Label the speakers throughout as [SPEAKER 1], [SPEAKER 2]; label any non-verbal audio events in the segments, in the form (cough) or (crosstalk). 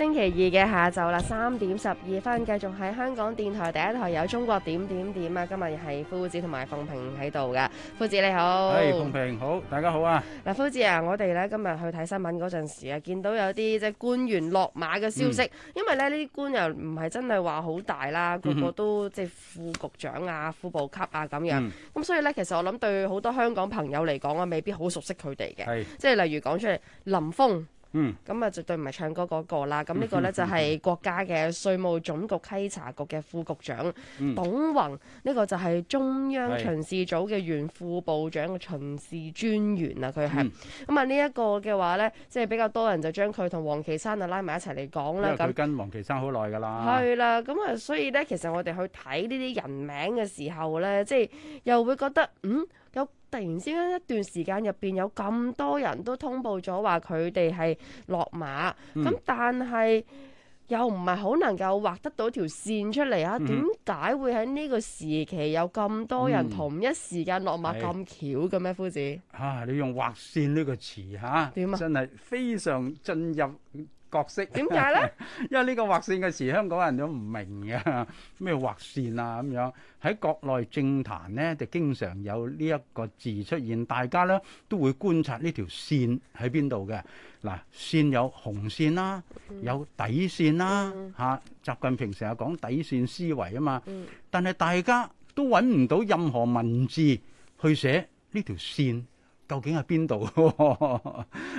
[SPEAKER 1] 星期二嘅下晝啦，三點十二分繼續喺香港電台第一台有中國點點點啊！今日係夫子同埋鳳平喺度嘅，夫子你好，係鳳
[SPEAKER 2] 平好，大家好啊！
[SPEAKER 1] 嗱，夫子啊，我哋咧今日去睇新聞嗰陣時啊，見到有啲即係官員落馬嘅消息，嗯、因為咧呢啲官又唔係真係話好大啦，個個都即係副局長啊、副部級啊咁樣，咁、嗯、所以咧其實我諗對好多香港朋友嚟講啊，未必好熟悉佢哋嘅，即係是例如講出嚟林峰。嗯，咁啊，絕對唔係唱歌嗰、那個啦。咁、嗯、呢個咧、嗯、就係國家嘅稅務總局稽查局嘅副局長、嗯、董宏，呢、這個就係中央巡視組嘅原副部長巡視專
[SPEAKER 2] 員啊，佢係。
[SPEAKER 1] 咁啊、嗯，呢一個嘅話咧，即、就、係、是、比較多人就將佢同王岐山啊拉埋一齊嚟講啦。因佢跟
[SPEAKER 2] 王岐山好耐㗎啦。係
[SPEAKER 1] 啦，咁啊，所以咧，其實我哋去睇呢啲人名嘅時候咧，即、就、係、是、又會覺得嗯。突然之間一段時間入邊有咁多人都通報咗話佢哋係落馬，咁、嗯、但係又唔係好能夠畫得到條線出嚟啊？點解會喺呢個時期有咁多人同一時間落馬咁、嗯、巧嘅咩？夫子，
[SPEAKER 2] 嚇、啊、你用畫線呢個詞嚇，啊、何真係非常進入。角色，點解呢？ (laughs) 因為呢個劃線嘅詞，香港人都唔明嘅咩劃線啊，咁樣喺國內政壇呢，就經常有呢一個字出現，大家呢都會觀察呢條線喺邊度嘅。嗱，線有紅線啦、啊，有底線啦、啊、嚇。習近平成日講底線思維啊嘛，但係大家都揾唔到任何文字去寫呢條線，究竟係邊度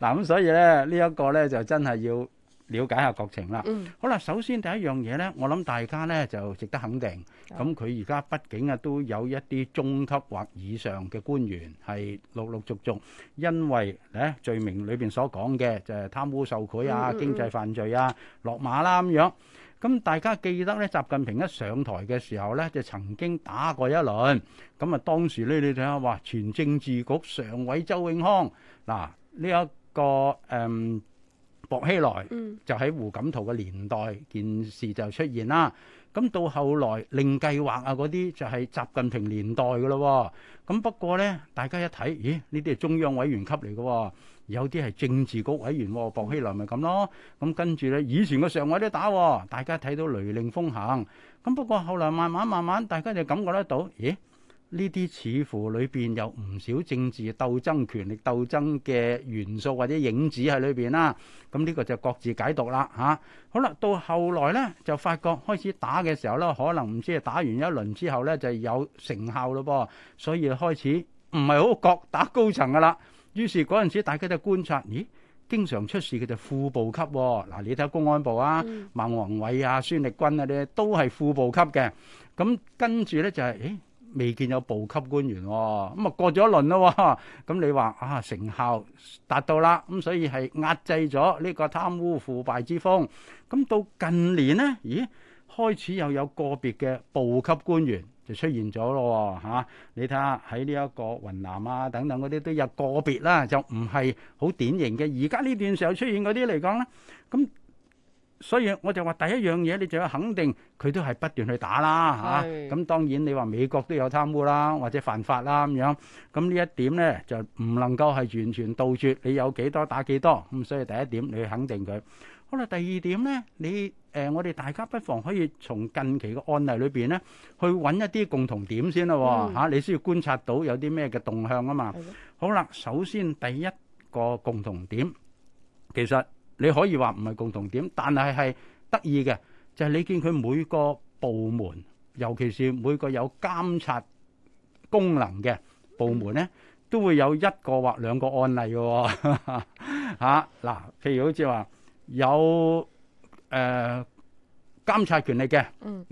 [SPEAKER 2] 嗱？咁 (laughs) 所以咧，呢、這、一個呢，就真係要了解下國情啦。嗯、好啦，首先第一樣嘢呢，我諗大家呢就值得肯定。咁佢而家畢竟啊，都有一啲中級或以上嘅官員係陸陸續續，因為咧罪名裏邊所講嘅就係貪污受賄啊、經濟犯罪啊落馬啦咁樣。咁大家記得咧，習近平一上台嘅時候咧，就曾經打過一輪。咁啊，當時呢，你睇下，哇，全政治局常委周永康，嗱，呢、這、一個誒、嗯、薄熙來，嗯、就喺胡錦濤嘅年代件事就出現啦。咁到後來，令計劃啊嗰啲就係習近平年代嘅咯。咁不過呢，大家一睇，咦，呢啲係中央委員級嚟嘅喎。有啲係政治局委員，薄熙來咪咁咯。咁跟住咧，以前個常委都打，大家睇到雷厲風行。咁不過後嚟慢慢慢慢，大家就感覺得到，咦？呢啲似乎裏邊有唔少政治鬥爭、權力鬥爭嘅元素或者影子喺裏邊啦。咁呢個就各自解讀啦嚇。好啦，到後來咧就發覺開始打嘅時候咧，可能唔知係打完一輪之後咧就係有成效咯噃。所以開始唔係好各打高層噶啦。於是嗰陣時，大家都觀察，咦？經常出事嘅就副部級、哦。嗱、啊，你睇下公安部啊、嗯、孟宏偉啊、孫力軍啊啲，都係副部級嘅。咁跟住呢，就係、是，咦？未見有部級官員、哦。咁、嗯、啊過咗一輪咯、哦。咁、嗯、你話啊，成效達到啦。咁、嗯、所以係壓制咗呢個貪污腐敗之風。咁、嗯、到近年呢，咦？開始又有，有個別嘅部級官員。就出現咗咯，嚇！你睇下喺呢一個雲南啊等等嗰啲都有個別啦，就唔係好典型嘅。而家呢段時候出現嗰啲嚟講咧，咁所以我就話第一樣嘢，你就要肯定佢都係不斷去打啦，嚇！咁當然你話美國都有貪污啦，或者犯法啦咁樣，咁呢一點咧就唔能夠係完全杜絕，你有幾多打幾多咁，所以第一點你肯定佢。好啦，第二點咧，你。誒，我哋大家不妨可以從近期嘅案例裏邊咧，去揾一啲共同點先咯，嚇！你需要觀察到有啲咩嘅動向啊嘛。好啦，首先第一個共同點，其實你可以話唔係共同點，但係係得意嘅，就係你見佢每個部門，尤其是每個有監察功能嘅部門咧，都會有一個或兩個案例嘅。嚇嗱，譬如好似話有。誒，監、呃、察權力嘅嗱，嗯、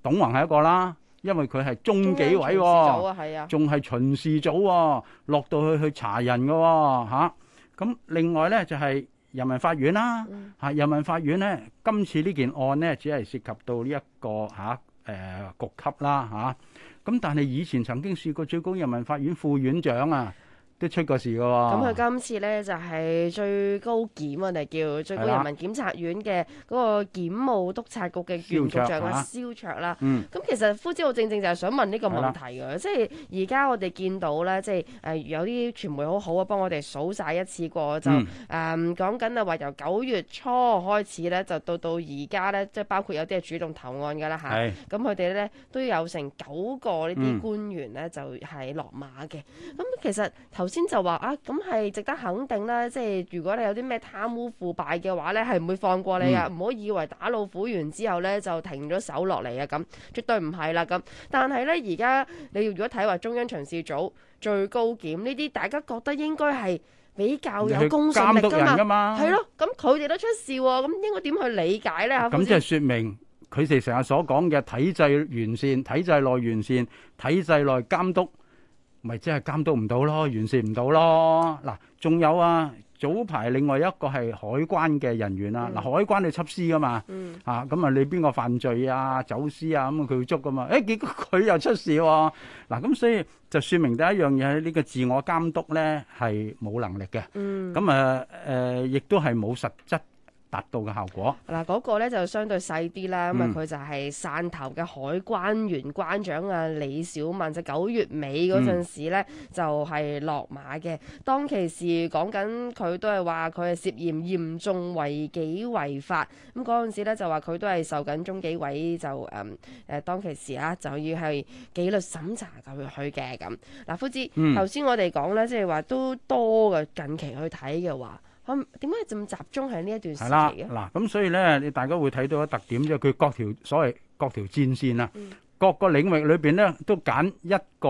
[SPEAKER 2] 董宏係一個啦，因為佢係中紀委喎仲係巡視組、哦啊組哦、落到去去查人嘅吓、哦。咁、啊嗯嗯、另外呢，就係、是、人民法院啦、啊、吓、啊，人民法院呢，今次呢件案呢，只係涉及到呢、這、一個吓誒、啊呃、局級啦吓。咁、啊、但係以前曾經試過最高人民法院副院長啊。都出過事㗎喎。咁佢
[SPEAKER 1] 今次咧就係、是、最高檢，我哋叫最高人民檢察院嘅嗰個檢務督察局嘅原局長肖卓、啊、卓啦。咁、嗯、其實夫子好正正就係想問呢個問題嘅。嗯、即係而家我哋見到咧，即係誒有啲傳媒好好啊，幫我哋數晒一次過就誒講緊啊，話、嗯嗯、由九月初開始咧，就到到而家咧，即係包括有啲係主動投案嘅啦吓，咁佢哋咧都有成九個呢啲官員咧就係、是、落馬嘅。咁其實頭先就話啊，咁係值得肯定啦。即係如果你有啲咩貪污腐敗嘅話咧，係唔會放過你噶。唔好、嗯、以為打老虎完之後咧就停咗手落嚟啊，咁絕對唔係啦。咁但係咧，而家你如果睇話中央巡視組、最高檢呢啲，大家覺得應該係比較有公信力噶嘛？係咯，咁佢哋都出事，咁應該點去理解咧？咁即係說
[SPEAKER 2] 明佢哋成日所講嘅體制完善、體制內完善、體制內監督。咪真係監督唔到咯，完善唔到咯。嗱，仲有啊，早排另外一個係海關嘅人員啊。嗱、嗯，海關你緝私噶嘛，嚇咁、嗯、啊，你邊個犯罪啊，走私啊，咁佢要捉噶嘛。誒、哎，結果佢又出事喎、啊。嗱、啊，咁所以就説明第一樣嘢，呢、這個自我監督咧係冇能力嘅。咁、嗯、啊，誒、呃，亦都係冇實質。達到嘅
[SPEAKER 1] 效果嗱，嗰、嗯、個咧就相對細啲啦。咁啊、嗯，佢就係汕頭嘅海關原關長啊，李小敏就九月尾嗰陣時咧，嗯、就係落馬嘅。當其時講緊佢都係話佢係涉嫌嚴重違紀違法。咁嗰陣時咧就話佢都係受緊中紀委就誒誒、嗯呃、當其時啊，就要係紀律審查、啊嗯、就要去嘅咁。嗱，夫子，頭先我哋講咧，即係話都多嘅近期去睇嘅話。點解咁集中喺呢一段時期嘅？嗱，
[SPEAKER 2] 咁所以咧，你大家會睇到個特點就係佢各條所謂各條戰線啊，各個領域裏邊咧都揀一個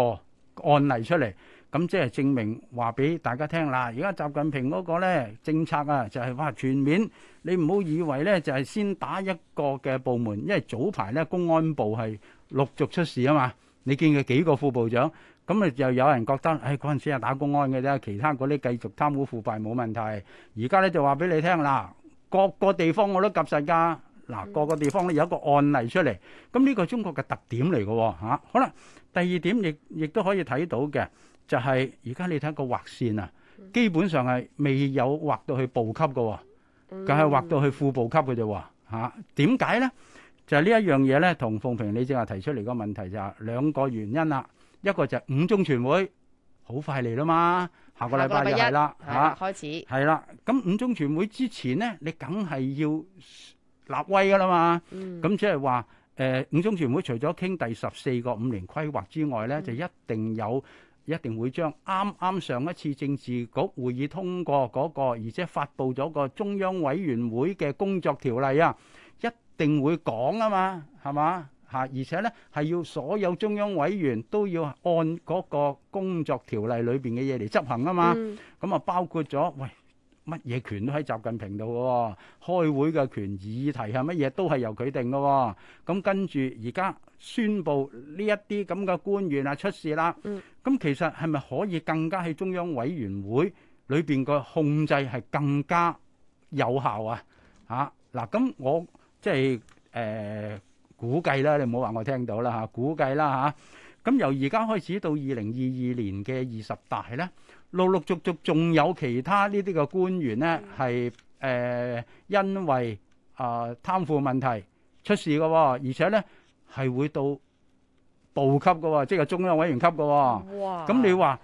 [SPEAKER 2] 案例出嚟，咁即係證明話俾大家聽啦。而家習近平嗰個咧政策啊，就係哇全面。你唔好以為咧就係先打一個嘅部門，因為早排咧公安部係陸續出事啊嘛，你見佢幾個副部長。咁啊，又有人覺得誒嗰陣時係打公安嘅啫，其他嗰啲繼續貪污腐敗冇問題。而家咧就話俾你聽啦，各個地方我都及晒㗎嗱，各個地方咧有一個案例出嚟。咁呢個中國嘅特點嚟嘅嚇。好啦，第二點亦亦都可以睇到嘅，就係而家你睇個劃線啊，基本上係未有劃到去部級嘅，但係劃到去副部級嘅啫。嚇，點解咧？就係、是、呢一樣嘢咧，同鳳平你正話提出嚟個問題就係兩個原因啦、啊。一個就係五中全會，好快嚟啦嘛，下個禮拜就係啦嚇，開始係啦。咁五中全會之前咧，你梗係要立威噶啦嘛。咁即係話誒，五中全會除咗傾第十四個五年規劃之外咧，就一定有，一定會將啱啱上一次政治局會議通過嗰個，而且發布咗個中央委員會嘅工作條例啊，一定會講啊嘛，係嘛？啊！而且呢，係要所有中央委員都要按嗰個工作條例裏邊嘅嘢嚟執行啊嘛。咁啊，包括咗喂乜嘢權都喺習近平度嘅，開會嘅權、議題係乜嘢都係由佢定嘅。咁跟住而家宣布呢一啲咁嘅官員啊出事啦。咁其實係咪可以更加喺中央委員會裏邊個控制係更加有效啊？啊嗱，咁我即係誒。估計啦，你唔好話我聽到啦嚇，估計啦嚇。咁由而家開始到二零二二年嘅二十大咧，陸陸續續仲有其他呢啲嘅官員咧係，誒，因為啊、呃、貪腐問題出事嘅，而且咧係會到部級㗎喎，即係中央委員級㗎喎。哇！咁你話？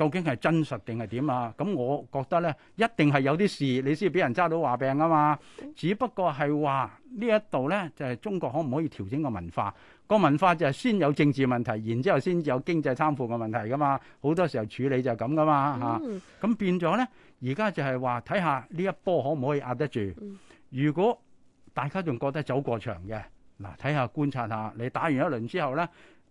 [SPEAKER 2] 究竟係真實定係點啊？咁我覺得呢，一定係有啲事你先俾人揸到話柄啊嘛。只不過係話呢一度呢，就係、是、中國可唔可以調整個文化？個文化就係先有政治問題，然之後先有經濟貪腐嘅問題噶嘛。好多時候處理就係咁噶嘛嚇。咁、嗯啊、變咗呢，而家就係話睇下呢一波可唔可以壓得住？如果大家仲覺得走過場嘅嗱，睇下觀察下，你打完一輪之後呢，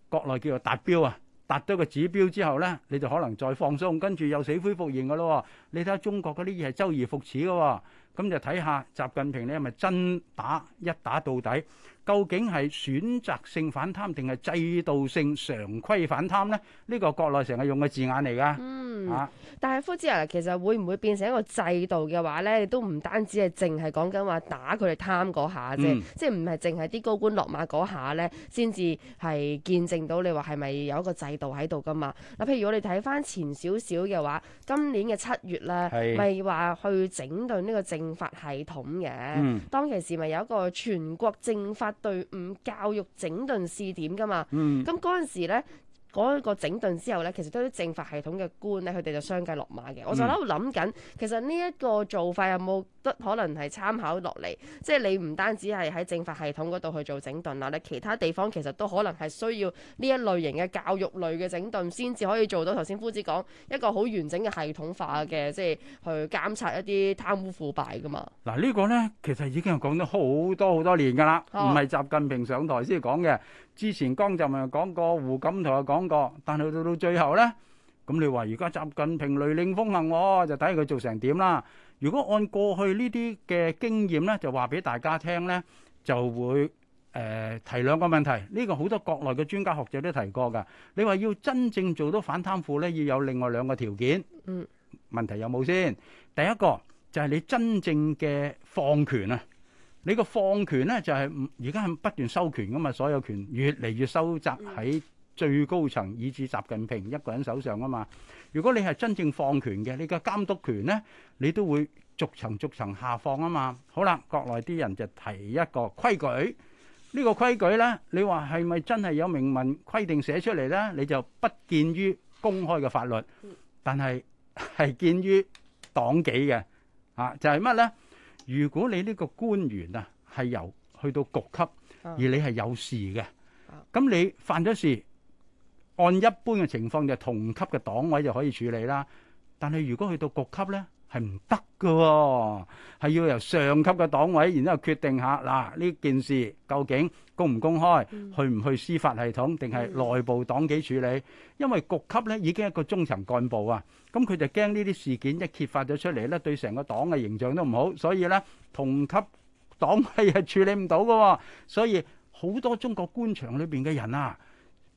[SPEAKER 2] 國內叫做達標啊。達到個指標之後呢，你就可能再放鬆，跟住又死灰復燃嘅咯。你睇下中國嗰啲嘢係周而復始嘅，咁就睇下習近平你係咪真打，一打到底。究竟係選擇性反貪定係制度性常規反貪呢？呢、這個國內成日用嘅字眼嚟㗎。嗯嚇，
[SPEAKER 1] 啊、但係是夫子啊，其實會唔會變成一個制度嘅話呢？你都唔單止係淨係講緊話打佢哋貪嗰下啫，嗯、即係唔係淨係啲高官落馬嗰下呢，先至係見證到你話係咪有一個制度喺度㗎嘛？嗱、啊，譬如我哋睇翻前少少嘅話，今年嘅七月咧，咪話是去整頓呢個政法系統嘅，嗯、當其時咪有一個全國政法。隊伍教育整頓試點噶嘛，咁嗰陣時咧。嗰個整頓之後呢，其實都啲政法系統嘅官呢，佢哋就相繼落馬嘅。嗯、我就喺度諗緊，其實呢一個做法有冇得可能係參考落嚟？即係你唔單止係喺政法系統嗰度去做整頓啦，你其他地方其實都可能係需要呢一類型嘅教育類嘅整頓，先至可以做到頭先夫子講一個好完整嘅系統化嘅，即係去監察一啲貪污腐敗㗎嘛。
[SPEAKER 2] 嗱呢個呢，其實已經係講咗好多好多年㗎啦，唔係習近平上台先講嘅。之前江澤民又講過，胡錦濤又講過，但係到到最後呢，咁你話而家習近平雷厲風行喎，就睇佢做成點啦。如果按過去呢啲嘅經驗呢，就話俾大家聽呢，就會誒提兩個問題。呢個好多國內嘅專家學者都提過噶。你話要真正做到反貪腐呢，要有另外兩個條件。嗯，問題有冇先？第一個就係你真正嘅放權啊！你個放權咧就係而家係不斷收權㗎嘛，所有權越嚟越收窄喺最高層，以至習近平一個人手上啊嘛。如果你係真正放權嘅，你個監督權咧，你都會逐層逐層下放啊嘛。好啦，國內啲人就提一個規矩，呢個規矩咧，你話係咪真係有明文規定寫出嚟咧？你就不見於公開嘅法律，但係係見於黨紀嘅啊，就係乜咧？如果你呢個官員啊係由去到局級，而你係有事嘅，咁你犯咗事，按一般嘅情況就同級嘅黨委就可以處理啦。但係如果去到局級呢？係唔得嘅，係、哦、要由上級嘅黨委然之後決定下嗱呢件事究竟公唔公開，嗯、去唔去司法系統，定係內部黨紀處理？因為局級咧已經係一個中層幹部啊，咁、嗯、佢就驚呢啲事件一揭發咗出嚟呢對成個黨嘅形象都唔好，所以呢，同級黨委係處理唔到嘅，所以好多中國官場裏邊嘅人啊，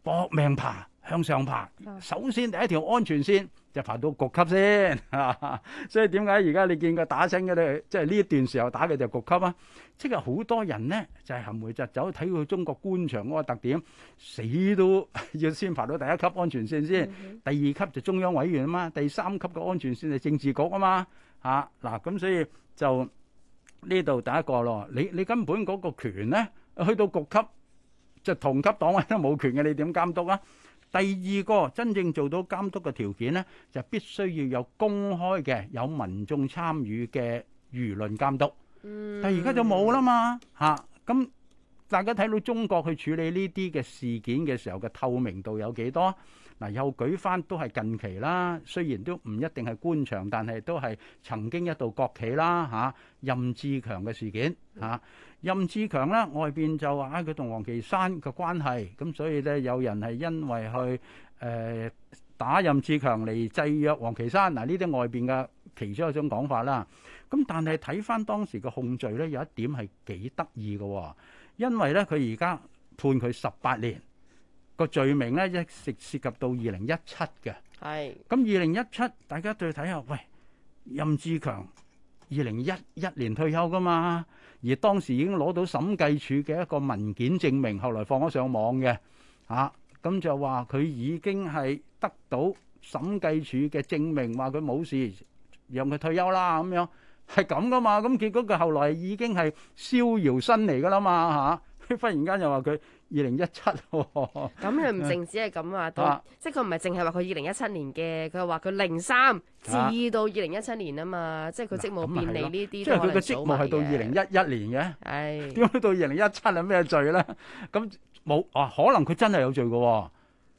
[SPEAKER 2] 搏命爬。向上爬，首先第一條安全線就爬到局級先，所以點解而家你見佢打升嘅咧？即係呢一段時候打嘅就局級啊！即係好多人咧就係含糊疾走，睇佢中國官場嗰個特點，死都要先爬到第一級安全線先，第二級就中央委員啊嘛，第三級嘅安全線係政治局啊嘛嚇嗱。咁所以就呢度第一個咯，你你根本嗰個權咧去到局級就同級黨委都冇權嘅，你點監督啊？第二個真正做到監督嘅條件呢，就是、必須要有公開嘅有民眾參與嘅輿論監督。但而家就冇啦嘛嚇，咁、啊、大家睇到中國去處理呢啲嘅事件嘅時候嘅透明度有幾多？嗱，又舉翻都係近期啦，雖然都唔一定係官場，但係都係曾經一度國企啦嚇、啊。任志強嘅事件嚇、啊，任志強呢，外邊就話啊，佢同王岐山嘅關係，咁所以呢，有人係因為去誒、呃、打任志強嚟制約王岐山，嗱，呢啲外邊嘅其中一種講法啦。咁但係睇翻當時嘅控罪呢，有一點係幾得意嘅，因為呢，佢而家判佢十八年。個罪名咧一直涉及到二零一七嘅，係咁二零一七，2017, 大家對睇下，喂，任志強二零一一年退休噶嘛，而當時已經攞到審計署嘅一個文件證明，後來放咗上網嘅，吓、啊、咁就話佢已經係得到審計署嘅證明，話佢冇事，讓佢退休啦咁樣，係咁噶嘛，咁結果佢後來已經係逍遙身嚟噶啦嘛，吓、啊。忽然間又話佢二零一七喎，咁佢唔淨
[SPEAKER 1] 止係咁啊，即係佢唔係淨係話佢二零一七年嘅，佢又話佢零三至到二零一七年啊嘛，啊即係佢職務便利呢啲都可能早埋。即係佢個職務係到二
[SPEAKER 2] 零一一年嘅，點解的到二零一七啊咩罪咧？咁 (laughs) 冇、嗯、啊，可能佢真係有罪嘅，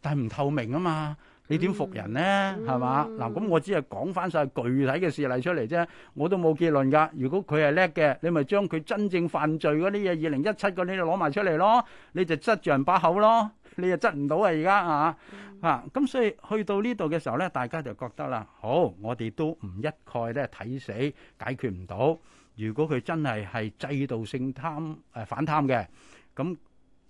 [SPEAKER 2] 但係唔透明啊嘛。你點服人呢？係嘛、mm？嗱、hmm.，咁我只係講翻晒具體嘅事例出嚟啫，我都冇結論㗎。如果佢係叻嘅，你咪將佢真正犯罪嗰啲嘢，二零一七嗰啲攞埋出嚟咯，你就執住人把口咯，你又執唔到啊！而家啊啊，咁、mm hmm. 啊、所以去到呢度嘅時候呢，大家就覺得啦，好，我哋都唔一概咧睇死解決唔到。如果佢真係係制度性貪誒、呃、反貪嘅，咁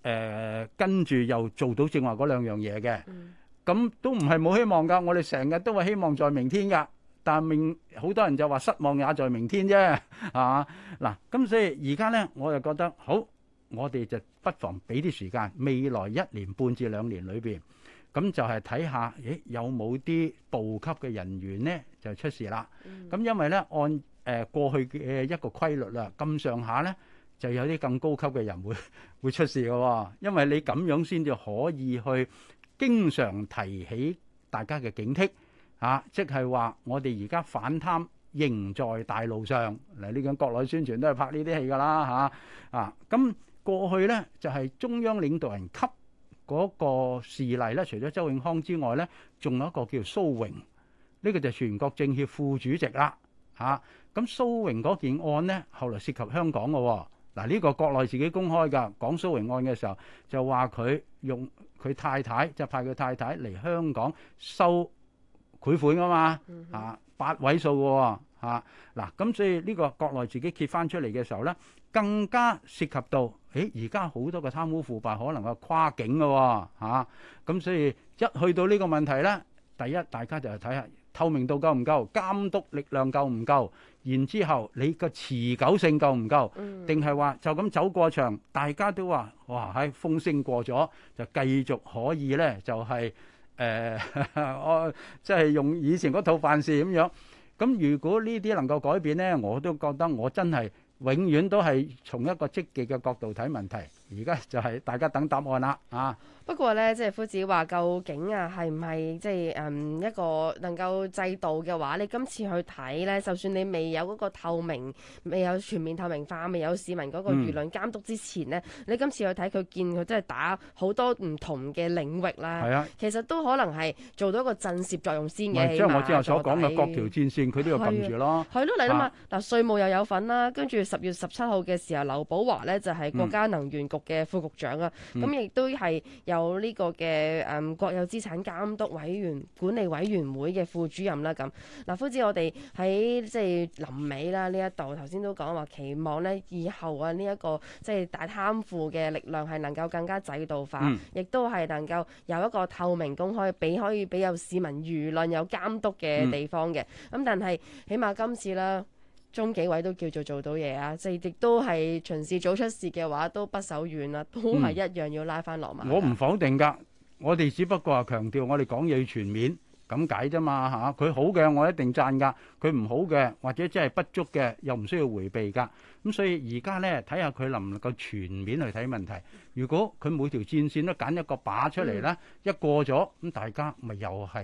[SPEAKER 2] 誒跟住又做到正話嗰兩樣嘢嘅。Mm hmm. 咁都唔係冇希望㗎，我哋成日都話希望在明天㗎，但明好多人就話失望也在明天啫，係、啊、嘛？嗱，咁所以而家呢，我就覺得好，我哋就不妨俾啲時間未來一年半至兩年裏邊，咁就係睇下，咦有冇啲部級嘅人員呢就出事啦？咁因為呢，按誒、呃、過去嘅一個規律啦，咁上下呢就有啲更高級嘅人會會出事嘅喎、哦，因為你咁樣先至可以去。經常提起大家嘅警惕，啊，即係話我哋而家反貪仍在大路上。嗱，呢種國內宣傳都係拍呢啲戲㗎啦，嚇，啊。咁過去咧就係中央領導人級嗰個事例咧，除咗周永康之外咧，仲有一個叫蘇榮，呢個就係全國政協副主席啦，嚇。咁蘇榮嗰件案咧，後來涉及香港嘅喎。嗱，呢個國內自己公開噶，講蘇榮案嘅時候就話佢用佢太太，就派佢太太嚟香港收賄款噶嘛，嚇、嗯哼啊、八位數喎、哦，嗱、啊，咁、啊、所以呢個國內自己揭翻出嚟嘅時候咧，更加涉及到，誒而家好多嘅貪污腐敗可能係跨境嘅、哦，嚇、啊、咁所以一去到呢個問題咧，第一大家就係睇下透明度夠唔夠，監督力量夠唔夠。然之後，你個持久性夠唔夠？定係話就咁走過場？大家都話：哇，喺、哎、風聲過咗，就繼續可以呢？就係、是、誒，呃、 (laughs) 我即係用以前嗰套辦事咁樣。咁如果呢啲能夠改變呢，我都覺得我真係永遠都係從一個積極嘅角度睇問題。而家就係大家等答案啦，啊！
[SPEAKER 1] 不過咧，即係夫子話：究竟啊，係唔係即係誒、嗯、一個能夠制度嘅話？你今次去睇咧，就算你未有嗰個透明，未有全面透明化，未有市民嗰個輿論監督之前咧，嗯、你今次去睇佢，見佢真係打好多唔同嘅領域啦。係啊，其實都可能係做到一個震懾作用先嘅。即係我之後所講嘅各條
[SPEAKER 2] 戰線，佢都要撳住咯。係咯、啊，嚟啦嘛！嗱、啊，
[SPEAKER 1] 啊啊啊、稅務又有份啦、啊。跟住十月十七號嘅時候，劉寶，劉寶華咧就係、是、國家能源局嘅副局長啊。咁亦都係。嗯嗯嗯嗯嗯嗯有呢個嘅誒、嗯、國有資產監督委員管理委員會嘅副主任啦，咁嗱、啊，夫子我哋喺即係臨尾啦呢一度，頭先都講話期望呢以後啊呢一個即係大貪腐嘅力量係能夠更加制度化，亦、嗯、都係能夠有一個透明公開，俾可以俾有市民輿論有監督嘅地方嘅，咁、嗯、但係起碼今次啦。中紀委都叫做做到嘢啊，即係亦都係巡視組出事嘅話，都不手軟啦，都係一樣要拉翻落馬。我唔
[SPEAKER 2] 否定㗎，我哋只不過強調話強調我哋講嘢要全面咁解啫嘛嚇。佢、啊、好嘅我一定贊㗎，佢唔好嘅或者即係不足嘅又唔需要迴避㗎。咁所以而家呢，睇下佢能唔能夠全面去睇問題。如果佢每條戰線都揀一個靶出嚟咧，嗯、一過咗咁大家咪又係。